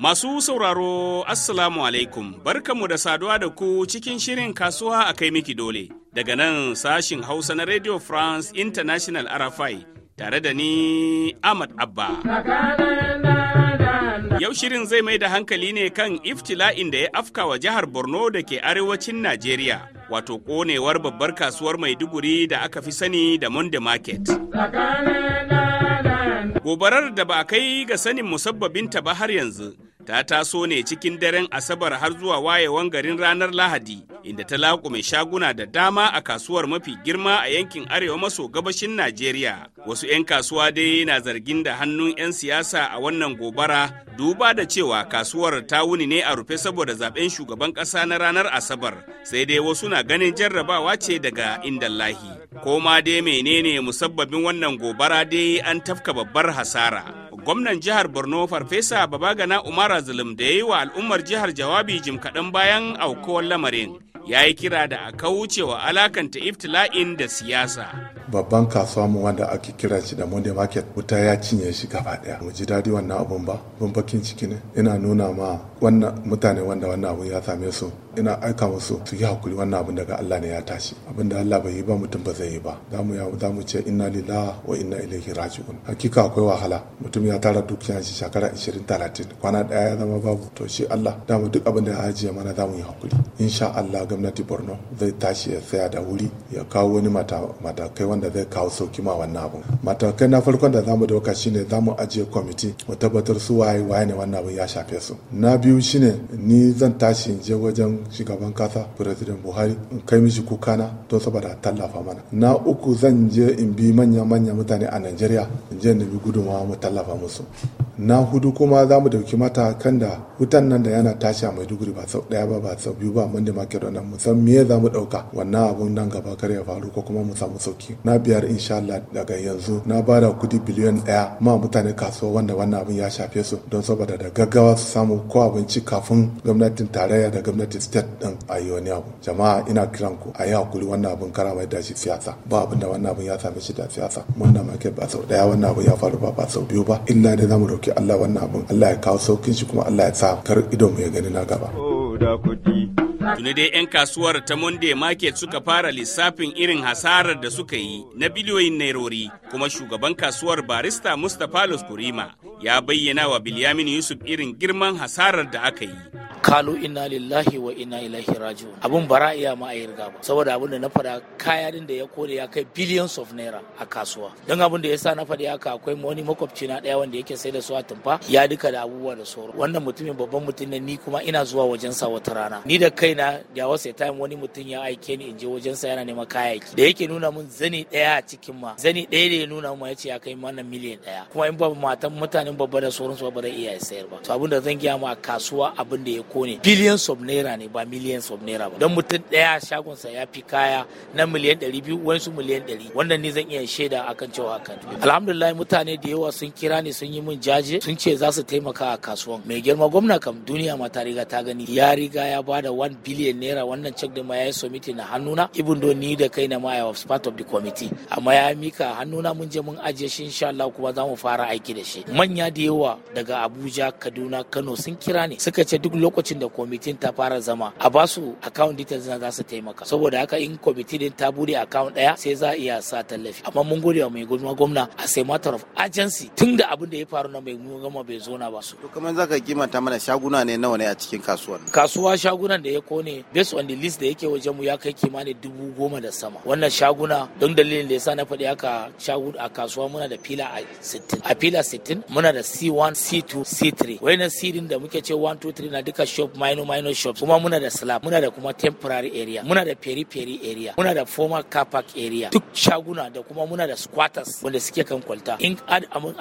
Masu sauraro, Assalamu alaikum, barkamu da saduwa da ku cikin shirin kasuwa a kai miki dole, daga nan sashin Hausa na Radio France International RFI, tare da ni Ahmad Abba. Yau shirin zai mai da hankali ne kan iftila'in da ya afka wa jihar Borno da ke arewacin Najeriya. wato konewar babbar kasuwar maiduguri da aka fi sani da monday market gobarar da ba a kai ga sanin musabbabinta ba har yanzu ta taso ne cikin daren asabar har zuwa wayewan garin ranar lahadi inda ta laƙume shaguna da dama a kasuwar mafi girma a yankin arewa maso gabashin najeriya wasu 'yan kasuwa dai na zargin da hannun 'yan siyasa a wannan gobara duba da cewa kasuwar ta wuni ne a rufe saboda zaben shugaban ƙasa na ranar asabar sai dai wasu na ganin jarrabawa ce daga indallahi ko ma dai menene musabbabin wannan gobara dai an tafka babbar hasara gwamnan jihar borno farfesa babagana umara zulum da ya yi wa al'ummar jihar jawabi jim kaɗan bayan aukuwar lamarin ya yi kira da a wa alakanta iftila'in da siyasa babban kasuwa mu wanda ake kira shi da Monday Market wuta ya cinye shi gaba daya. Mu ji dadi wannan abun ba, mun bakin ciki ne. Ina nuna ma wannan mutane wanda wannan abun ya same su ina aika musu su yi hakuri wannan abun daga Allah ne ya tashi abin da Allah bai yi ba mutum ba zai yi ba za mu za mu ce inna lillahi wa inna ilaihi raji'un hakika akwai wahala mutum ya tara dukiyar shi shekara 20 30 kwana daya ya zama babu to shi Allah da mu duk abin da ya ajiye mana za mu yi hakuri insha Allah gwamnati Borno zai tashi ya tsaya da wuri ya kawo wani matakai wanda da zai kawo sauki ma wannan abun matakai na farkon da zamu dauka shine zamu ajiye kwamiti mu tabbatar su waye waye ne wannan abun ya shafe su na biyu shine ni zan tashi in je wajen shugaban kasa president buhari in kai mishi na don saboda tallafa mana na uku zan je in bi manya manya mutane a nigeria in je in bi gudunmawa mu tallafa musu na hudu kuma za mu dauki matakan da wutan nan da yana tashi a maiduguri ba sau daya ba ba sau biyu ba mun da makedon nan mu san me za mu dauka wannan abun nan gaba kar ya faru ko kuma mu samu sauki na biyar insha Allah daga yanzu na bada kudi biliyan daya ma mutane kasuwa wanda wannan abun ya shafe su don saboda da gaggawa su samu ko abinci kafin gwamnatin tarayya da gwamnatin state din a yi wani abu jama'a ina kiran ku a yi hakuri wannan abun kara mai da siyasa ba abin da wannan abun ya same shi da siyasa Mun da market ba sau daya wannan abun ya faru ba ba sau biyu ba illa da za mu roki Allah wannan abin Allah ya kawo saukin shi kuma Allah ya sa kar idon mu ya gani na gaba Tuni dai 'yan kasuwar ta Monday Market suka fara lissafin irin hasarar da suka yi na biliyoyin nairori kuma shugaban kasuwar barista Mustapha Kurima ya bayyana wa Bilyamin Yusuf irin girman hasarar da aka yi. kalu inna lillahi wa inna ilaihi raji'un abun bara iya ma a riga ba saboda abun da na fada kaya din da ya kore ya kai billions of naira a kasuwa don abun da yasa na faɗi haka akwai wani makwabci na daya wanda yake sai da su a tumfa ya duka da abubuwa da soro wannan mutumin babban mutum ne ni kuma ina zuwa wajen sa wata rana ni da kaina da wasa ta wani mutum ya aike ni in je sa yana neman kayayyaki da yake nuna mun zani daya a cikin ma zani daya da ya nuna mun ya ce ya kai mana miliyan daya. kuma in babu matan mutanen babba da sauransu ba zai iya sayar ba to abun da zan gaya mu a kasuwa abun da ya taimako ne billions of naira ne ba millions of naira ba don mutum ɗaya shagonsa ya fi kaya na miliyan ɗari wani su miliyan ɗari wannan ne zan iya shaida akan cewa a akan alhamdulillah mutane da yawa sun kira ne sun yi min jaje sun ce za su taimaka a kasuwan mai girma gwamna kam duniya ma ta riga ta gani ya riga ya ba da 1 billion naira wannan check din ma ya yi submit na hannuna ibin do ni da kai na ma I was part of the committee amma ya mika hannuna mun je mun ajiye shi insha Allah kuma za mu fara aiki da shi manya da yawa daga Abuja Kaduna Kano sun kira ne. suka ce duk lokacin lokacin da kwamitin ta fara zama a ba su account details na za su taimaka saboda haka in kwamitin din ta bude account daya sai za a iya sa tallafi amma mun gode wa mai gulma gwamna a sai matter of agency tun da abin da ya faru na mai gama bai zo na ba su to kamar zaka kimanta mana shaguna ne nawa ne a cikin kasuwan kasuwa shagunan da ya kone based on the list da yake wajen mu ya kai kimanin dubu goma da sama wannan shaguna don dalilin da ya sa na faɗi haka shagun a kasuwa muna da fila a 60 a fila 60 muna da C1 C2 C3 wayannan C din da muke ce 1 2 3 na duka shop minor minor shop kuma muna da slab muna da kuma temporary area muna da peri peri area muna da former car park area duk shaguna da kuma muna da squatters wanda suke kan kwalta in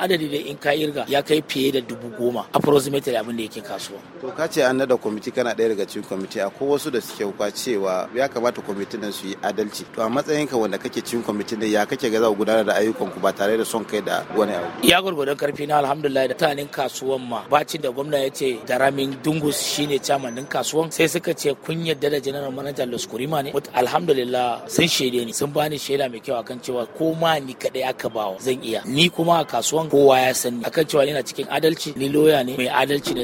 adadi da in ka irga ya kai fiye da dubu goma approximately abin da yake kasuwa to ka ce an nada kwamiti kana ɗaya daga cikin kwamiti akwai wasu da suke kuka cewa ya kamata kwamitin nan su yi adalci to a matsayinka wanda kake cikin kwamitin ne ya kake ga za ku gudanar da ayyukan ku ba tare da son kai da wani abu ya gurgudan karfi na alhamdulillah da tanin kasuwan ma bacin da gwamna ya ce da ramin dungus shine chairman din kasuwan sai suka ce kun yadda da general manager Los Kurima ne but alhamdulillah sun shaide ni sun bani shaida mai kyau akan cewa ko ma ni kadai aka bawa zan iya ni kuma a kasuwan kowa ya san ni akan cewa ina cikin adalci ni loya ne mai adalci ne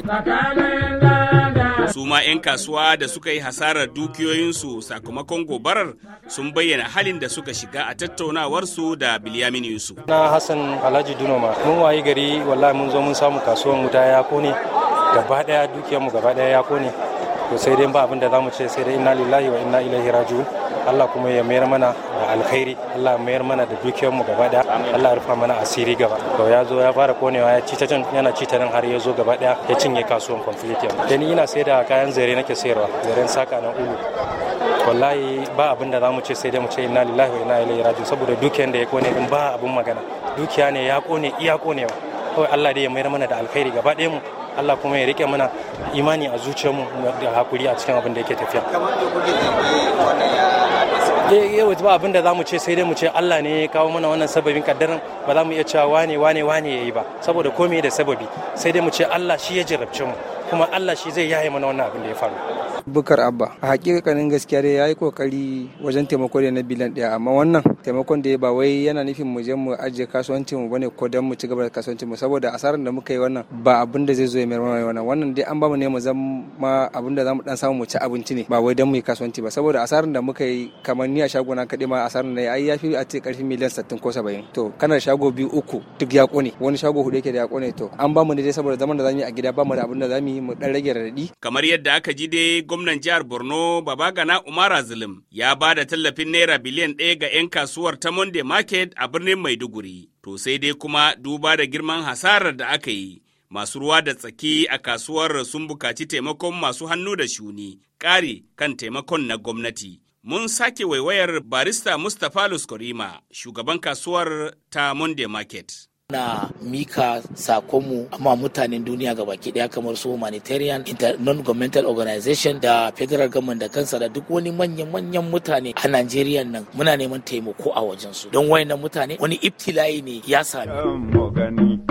su ma 'yan kasuwa da suka yi hasarar dukiyoyinsu sakamakon gobarar sun bayyana halin da suka shiga a tattaunawarsu da bilyamin yusuf na hassan alhaji dunoma mun wayi gari wallahi mun zo mun samu kasuwan wuta ya kone gaba daya dukiyarmu gaba daya ya kone to sai dai ba abin da zamu ce sai dai inna lillahi wa inna ilaihi raji'un Allah kuma ya mayar mana da alkhairi Allah mayar mana da dukiyarmu gaba daya Allah ya rufa mana asiri gaba to ya zo ya fara konewa ya ci ta can yana ci ta nan har ya zo gaba daya ya cinye kasuwan complete da ni ina sai da kayan zare nake sayarwa zaren saka na ulu wallahi ba abin da zamu ce sai dai mu ce inna lillahi wa inna ilaihi raji'un saboda dukiyar da ya kone din ba abin magana dukiya ne ya kone iya konewa kawai Allah dai ya mayar mana da alkhairi gaba daya mu Allah kuma ya rike mana imani a zuciyarmu da hakuri a cikin abin da yake tafiya yau eh, eh, ba abin da mu ce sai dai mu ce Allah ne ya kawo mana wannan sababin kaddarin ba za mu iya cewa wane wane wane yayi ba saboda komai da sababi sai dai mu ce Allah shi ya jarabce mu kuma Allah shi zai yaye mana wannan abin da ya faru bukar abba a hakikanin gaskiya dai yayi kokari wajen taimako da na biliyan ɗaya amma wannan taimakon da ya ba wai yana nufin mu je mu ajiye kasuwancin mu bane ko dan mu ci gaba da kasuwancin mu saboda asarar da muka yi wannan ba abin da zai zo ya mai wannan wannan dai an ba mu ne mu zama abin da zamu dan samu mu ci abinci ne ba wai dan mu yi kasuwanci ba saboda asarar da muka yi kamar ni a shagona kaɗai ma asarar da ai ya fi a ce karfi miliyan 60 ko 70 to kana shago biyu uku duk ya kone wani shago hudu yake da ya kone to an ba mu ne dai saboda zaman da zamu yi a gida ba mu da abin da zamu yi mu ɗan rage raɗaɗi. Kamar yadda aka ji dai gwamnan jihar Borno Babagana Umar Zulum ya ba da tallafin naira biliyan ɗaya ga 'yan kasuwar ta Monday Market a birnin Maiduguri. To sai dai kuma duba da girman hasarar da aka yi. Masu ruwa da tsaki a kasuwar sun buƙaci taimakon masu hannu da shuni, ƙari kan taimakon na gwamnati. mun sake waiwayar barista Mustapha Luskorima, shugaban kasuwar ta Monday Market. na mika sakonmu amma mutanen duniya ga baki daya kamar su humanitarian non-governmental organization da federal government da kansa da duk wani manyan-manyan mutane a Najeriya nan muna neman taimako a wajen su don wayannan mutane wani iftila'i ne ya sami.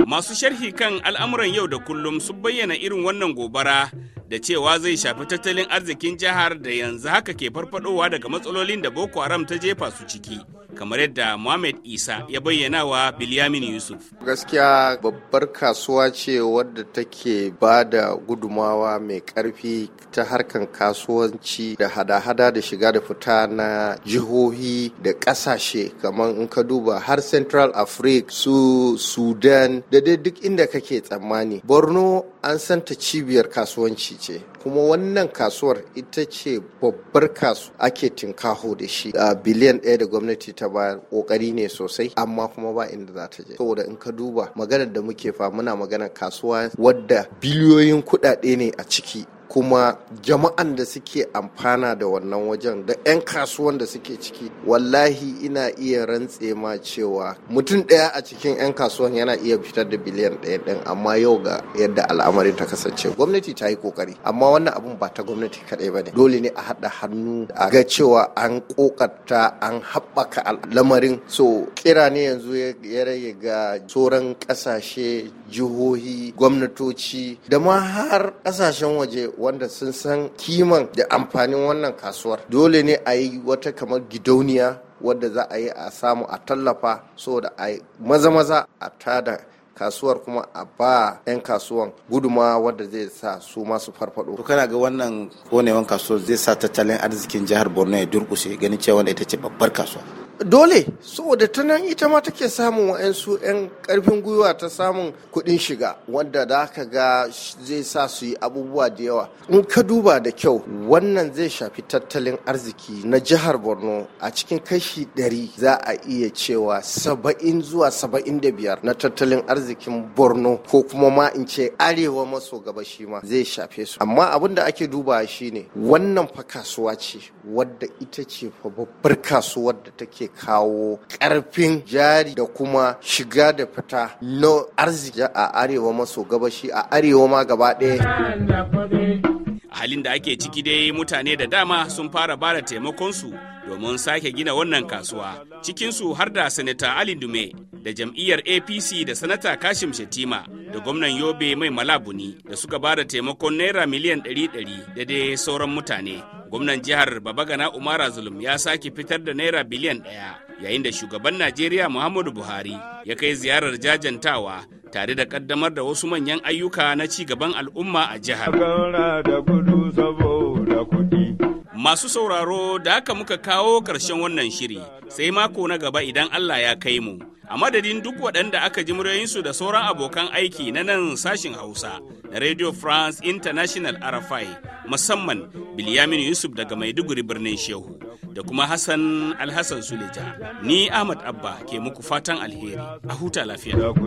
Masu sharhi kan al'amuran yau da kullum sun bayyana irin wannan gobara da cewa zai shafi tattalin arzikin jihar da yanzu haka ke farfadowa daga matsalolin da Boko Haram ta jefa su ciki. kamar yadda Muhammad Isa ya bayyana wa Bilyamin Yusuf. Gaskiya babbar kasuwa ce wadda take ba da gudumawa mai karfi ta harkan kasuwanci da hada-hada da shiga da fita na jihohi da kasashe kamar in ka duba har Central Africa su Sudan da dai duk inda kake tsammani. Borno an santa cibiyar kasuwanci ce. kuma wannan kasuwar ita ce babbar kasu ake tinkaho da shi a biliyan ɗaya da gwamnati ta bayar ƙoƙari ne sosai amma kuma ba inda za ta je saboda in ka duba maganar da muke fa muna maganar kasuwa wadda biliyoyin kuɗaɗe ne a ciki kuma jama'an da suke amfana da wannan wajen da 'yan kasuwan da suke ciki wallahi ina iya rantse ma cewa mutum ɗaya a cikin 'yan kasuwan yana iya fitar da biliyan ɗaya ɗin amma yau ga yadda al'amarin ta kasance gwamnati ta yi kokari amma wannan abun ba ta gwamnati kaɗai ba ne dole ne a haɗa hannu a ga cewa an ƙoƙata an haɓaka lamarin so kira ne yanzu ya rage ga sauran ƙasashe jihohi gwamnatoci da ma har ƙasashen waje wanda sun san kiman da amfanin wannan kasuwar dole ne a yi wata kamar gidauniya wadda za a yi a samu a tallafa saboda a maza-maza a tada kasuwar kuma a ba 'yan kasuwan guduma wadda zai sa su masu farfado. To kana ga wannan konewan kasuwar zai sa tattalin arzikin jihar Borno ya durkushe ganin cewa ita ce babbar kasuwa. dole saboda ta nan ita ma take samun wa'ansu 'yan karfin gwiwa ta samun kuɗin shiga wanda da ka ga zai sa su yi abubuwa da yawa in ka duba da kyau wannan zai shafi tattalin arziki na jihar borno a cikin kashi 100 za a iya cewa 70 zuwa 75 na tattalin arzikin borno ko kuma ma in ce arewa maso gaba ma zai shafe su amma abin da ake duba shine wannan fa kasuwa ce wadda ita ce fa babbar kasuwar da take kawo karfin jari da kuma shiga da fita na arziki a arewa maso gabashi a arewa ma gaba ɗaya. halin da ake ciki dai mutane da dama sun fara bada taimakonsu domin sake gina wannan kasuwa cikinsu har da sanata ali da jam'iyyar apc da sanata kashim shetima da gwamnan Yobe mai Malabuni da suka ba da taimakon naira miliyan 100 da dai sauran mutane. Gwamnan jihar Babagana Umara Zulum ya sake fitar da naira biliyan ɗaya yayin da shugaban Najeriya Muhammadu Buhari ya kai ziyarar jajantawa tare da kaddamar da wasu manyan ayyuka na ci gaban al'umma a jihar. Masu sauraro da haka muka kawo ƙarshen wannan shiri sai mako na gaba idan Allah ya kai mu. a madadin duk waɗanda aka ji muryoyinsu da sauran abokan aiki na nan sashin hausa na radio france international rfi musamman bilyamin yusuf daga maiduguri birnin shehu da kuma hassan alhassan suleja ni ahmad abba ke muku fatan alheri a huta lafiya